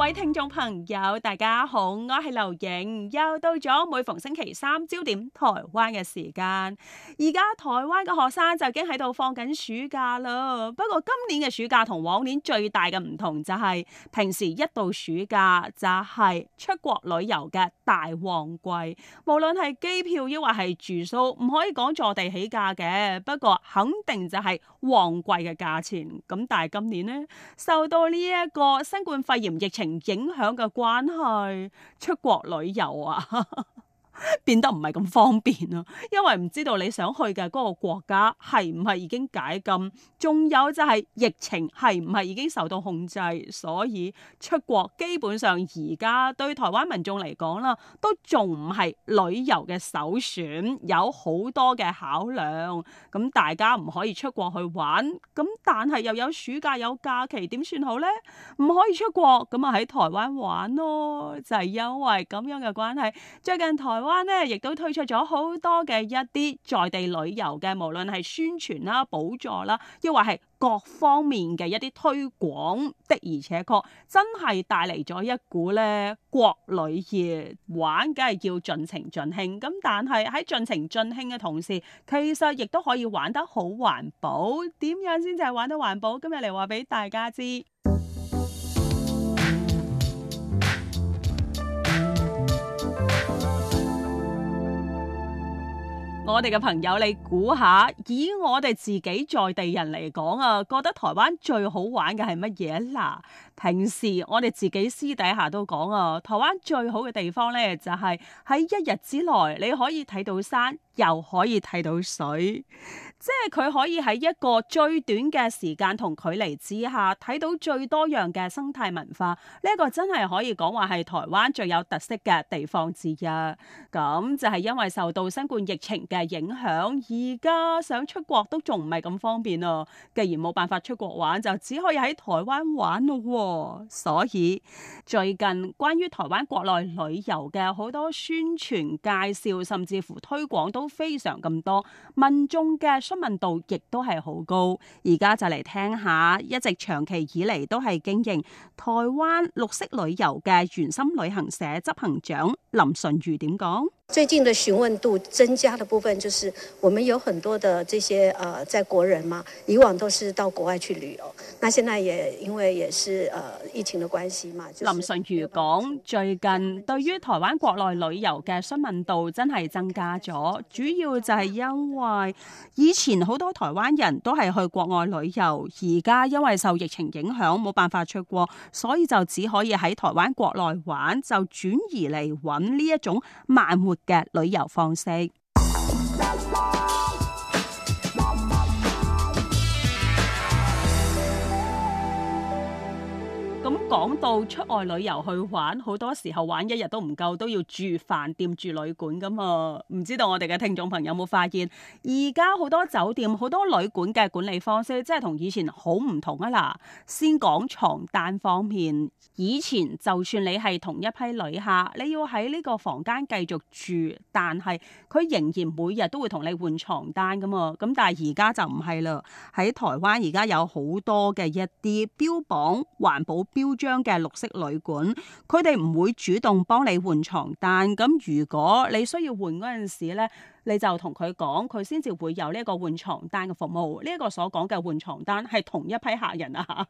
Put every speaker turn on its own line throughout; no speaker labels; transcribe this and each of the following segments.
各位聽眾朋友，大家好，我係劉穎，又到咗每逢星期三焦點台灣嘅時間。而家台灣嘅學生就已經喺度放緊暑假啦。不過今年嘅暑假同往年最大嘅唔同就係，平時一到暑假就係出國旅遊嘅大旺季，無論係機票抑或係住宿，唔可以講坐地起價嘅。不過肯定就係旺季嘅價錢。咁但係今年咧，受到呢一個新冠肺炎疫情影響嘅關係，出國旅遊啊， 變得唔係咁方便咯，因為唔知道你想去嘅嗰個國家係唔係已經解禁，仲有就係疫情係唔係已經受到控制，所以出國基本上而家對台灣民眾嚟講啦，都仲唔係旅遊嘅首選，有好多嘅考量。咁大家唔可以出國去玩，咁但係又有暑假有假期，點算好咧？唔可以出國，咁啊喺台灣玩咯，就係因為咁樣嘅關係。最近台灣。關咧，亦都推出咗好多嘅一啲在地旅遊嘅，無論係宣傳啦、補助啦，亦或係各方面嘅一啲推廣的，而且確真係帶嚟咗一股咧國旅熱。玩，梗係要盡情盡興。咁但係喺盡情盡興嘅同時，其實亦都可以玩得好環保。點樣先至係玩得環保？今日嚟話俾大家知。我哋嘅朋友，你估下？以我哋自己在地人嚟講啊，覺得台灣最好玩嘅係乜嘢？嗱，平時我哋自己私底下都講啊，台灣最好嘅地方咧，就係喺一日之內你可以睇到山，又可以睇到水。即係佢可以喺一個最短嘅時間同距離之下，睇到最多樣嘅生態文化，呢一個真係可以講話係台灣最有特色嘅地方之一。咁就係因為受到新冠疫情嘅影響，而家想出國都仲唔係咁方便咯。既然冇辦法出國玩，就只可以喺台灣玩咯喎。所以最近關於台灣國內旅遊嘅好多宣傳介紹，甚至乎推廣都非常咁多，民眾嘅詢問度亦都係好高，而家就嚟聽一下一直長期以嚟都係經營台灣綠色旅遊嘅原心旅行社執行長林純如點講？最近的詢問度增加的部分，就是我們有很多的這些，誒、呃，在國人嘛，以往都是到國外去旅遊，那現在也因為也是誒、呃、疫情的關係嘛。就是、林純如講，最近對於台灣國內旅遊嘅詢問度真係增加咗，主要就係因為以前好多台灣人都係去國外旅遊，而家因為受疫情影響，冇辦法出國，所以就只可以喺台灣國內玩，就轉移嚟揾呢一種慢活嘅旅遊方式。咁講到出外旅遊去玩，好多時候玩一日都唔夠，都要住飯店住旅館㗎嘛。唔知道我哋嘅聽眾朋友有冇發現，而家好多酒店、好多旅館嘅管理方式，即係同以前好唔同啊！嗱，先講床單方面，以前就算你係同一批旅客，你要喺呢個房間繼續住，但係佢仍然每日都會同你換床單㗎嘛。咁但係而家就唔係啦，喺台灣而家有好多嘅一啲標榜環保標章嘅綠色旅館，佢哋唔會主動幫你換床單。咁如果你需要換嗰陣時呢，你就同佢講，佢先至會有呢一個換床單嘅服務。呢一個所講嘅換床單係同一批客人啊。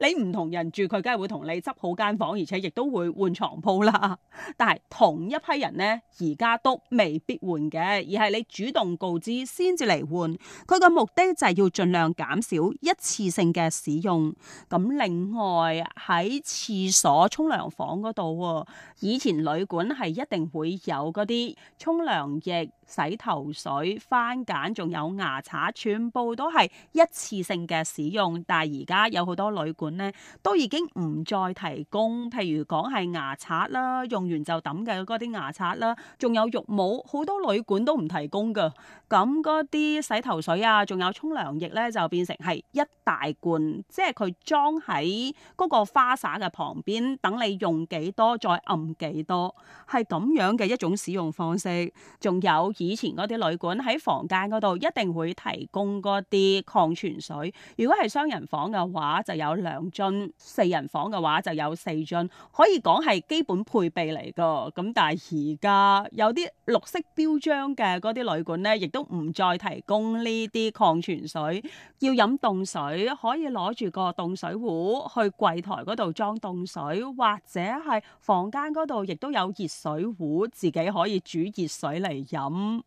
你唔同人住，佢梗係會同你執好間房，而且亦都會換床鋪啦。但係同一批人呢，而家都未必換嘅，而係你主動告知先至嚟換。佢嘅目的就係要盡量減少一次性嘅使用。咁另外喺廁所、沖涼房嗰度，以前旅館係一定會有嗰啲沖涼液、洗頭水、番梘、仲有牙刷，全部都係一次性嘅使用。但係而家有好多旅館咧都已經唔再提供，譬如講係牙刷啦，用完就抌嘅嗰啲牙刷啦，仲有浴帽，好多旅館都唔提供噶，咁嗰啲洗頭水啊，仲有沖涼液咧，就變成係一大罐，即係佢裝喺嗰個花灑嘅旁邊，等你用幾多再按幾多，係咁樣嘅一種使用方式。仲有以前嗰啲旅館喺房間嗰度一定會提供嗰啲礦泉水，如果係雙人房嘅話就有。有兩樽，四人房嘅話就有四樽，可以講係基本配備嚟噶。咁但係而家有啲綠色標章嘅嗰啲旅館呢，亦都唔再提供呢啲礦泉水，要飲凍水可以攞住個凍水壺去櫃台嗰度裝凍水，或者係房間嗰度亦都有熱水壺，自己可以煮熱水嚟飲。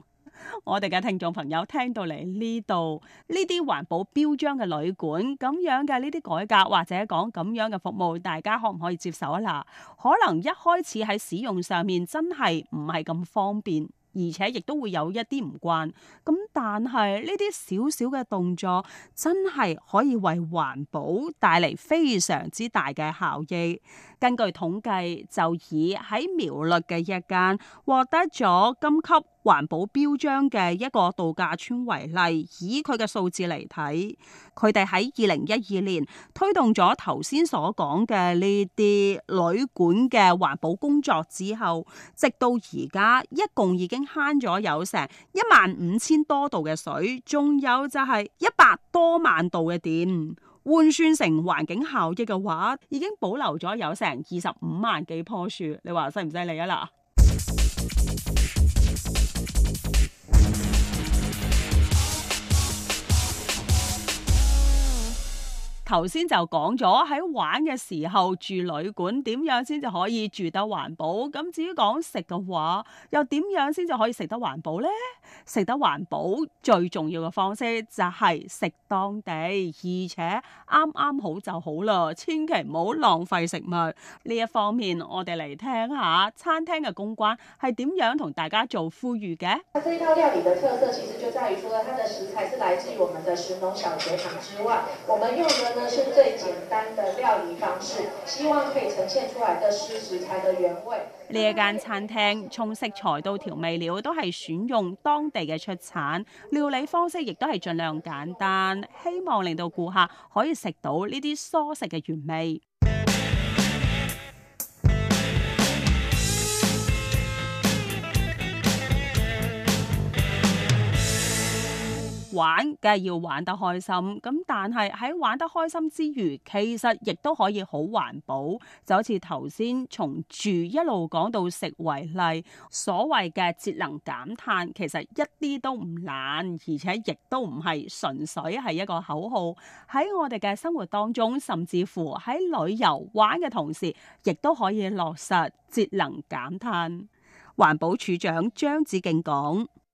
我哋嘅聽眾朋友聽到嚟，呢度呢啲環保標章嘅旅館咁樣嘅呢啲改革或者講咁樣嘅服務，大家可唔可以接受啊？啦，可能一開始喺使用上面真係唔係咁方便，而且亦都會有一啲唔慣。咁但係呢啲小小嘅動作真係可以為環保帶嚟非常之大嘅效益。根據統計，就以喺苗栗嘅一間獲得咗金級。環保標章嘅一個度假村為例，以佢嘅數字嚟睇，佢哋喺二零一二年推動咗頭先所講嘅呢啲旅館嘅環保工作之後，直到而家一共已經慳咗有成一萬五千多度嘅水，仲有就係一百多萬度嘅電，換算成環境效益嘅話，已經保留咗有成二十五萬幾棵樹，你話犀唔犀利吖嗱。頭先就講咗喺玩嘅時候住旅館點樣先至可以住得環保，咁至於講食嘅話，又點樣先至可以食得環保呢？食得環保最重要嘅方式就係食當地，而且啱啱好就好啦，千祈唔好浪費食物。呢一方面，我哋嚟聽，聽下餐廳嘅公關係點樣同大家做呼籲嘅。呢一套料理嘅特色其實就係除咗佢嘅食材係來自於我們嘅食農小菜場之外，我們用嘅呢是最簡單嘅料理方式，希望可以呈現出來嘅是食材嘅原味。呢一間餐廳從食材到調味料都係選用當地地嘅出產料理方式亦都係儘量簡單，希望令到顧客可以吃到這些食到呢啲蔬食嘅原味。玩梗，係要玩得開心，咁但係喺玩得開心之餘，其實亦都可以好環保。就好似頭先從住一路講到食為例，所謂嘅節能減碳其實一啲都唔難，而且亦都唔係純粹係一個口號，喺我哋嘅生活當中，甚至乎喺旅遊玩嘅同時亦都可以落實節能減碳。環保署長張子敬講。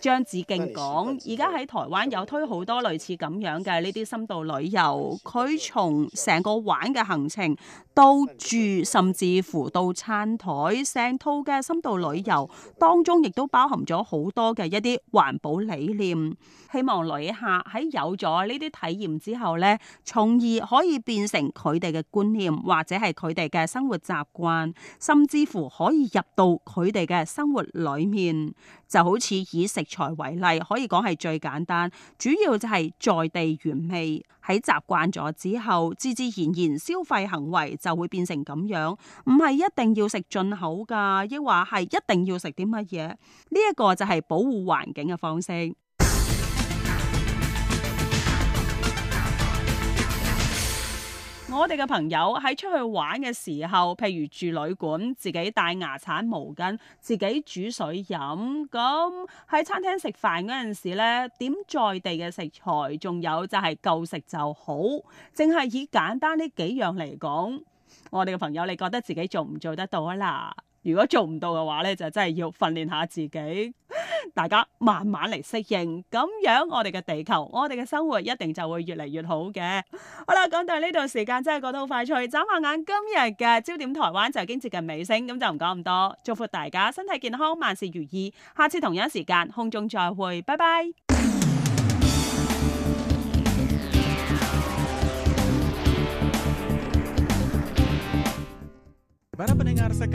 張子敬講：而家喺台灣有推好多類似咁樣嘅呢啲深度旅遊，佢從成個玩嘅行程到住，甚至乎到餐台，成套嘅深度旅遊當中，亦都包含咗好多嘅一啲環保理念。希望旅客喺有咗呢啲體驗之後呢，從而可以變成佢哋嘅觀念，或者係佢哋嘅生活習慣，甚至乎可以入到佢哋嘅生活裡面，就好似以食。才為例，可以講係最簡單，主要就係在地原味喺習慣咗之後，自自然然消費行為就會變成咁樣，唔係一定要食進口噶，亦或係一定要食啲乜嘢呢一個就係保護環境嘅方式。我哋嘅朋友喺出去玩嘅時候，譬如住旅館，自己帶牙刷、毛巾，自己煮水飲。咁喺餐廳食飯嗰陣時咧，點在地嘅食材，仲有就係夠食就好。淨係以簡單呢幾樣嚟講，我哋嘅朋友，你覺得自己做唔做得到啊？嗱，如果做唔到嘅話呢就真係要訓練下自己。大家慢慢嚟適應，咁樣我哋嘅地球，我哋嘅生活一定就會越嚟越好嘅。好啦，講到呢度時間真係過到快脆，眨下眼今日嘅焦點台灣就已經接近尾聲，咁就唔講咁多。祝福大家身體健康，萬事如意。下次同樣時間空中再會，拜拜。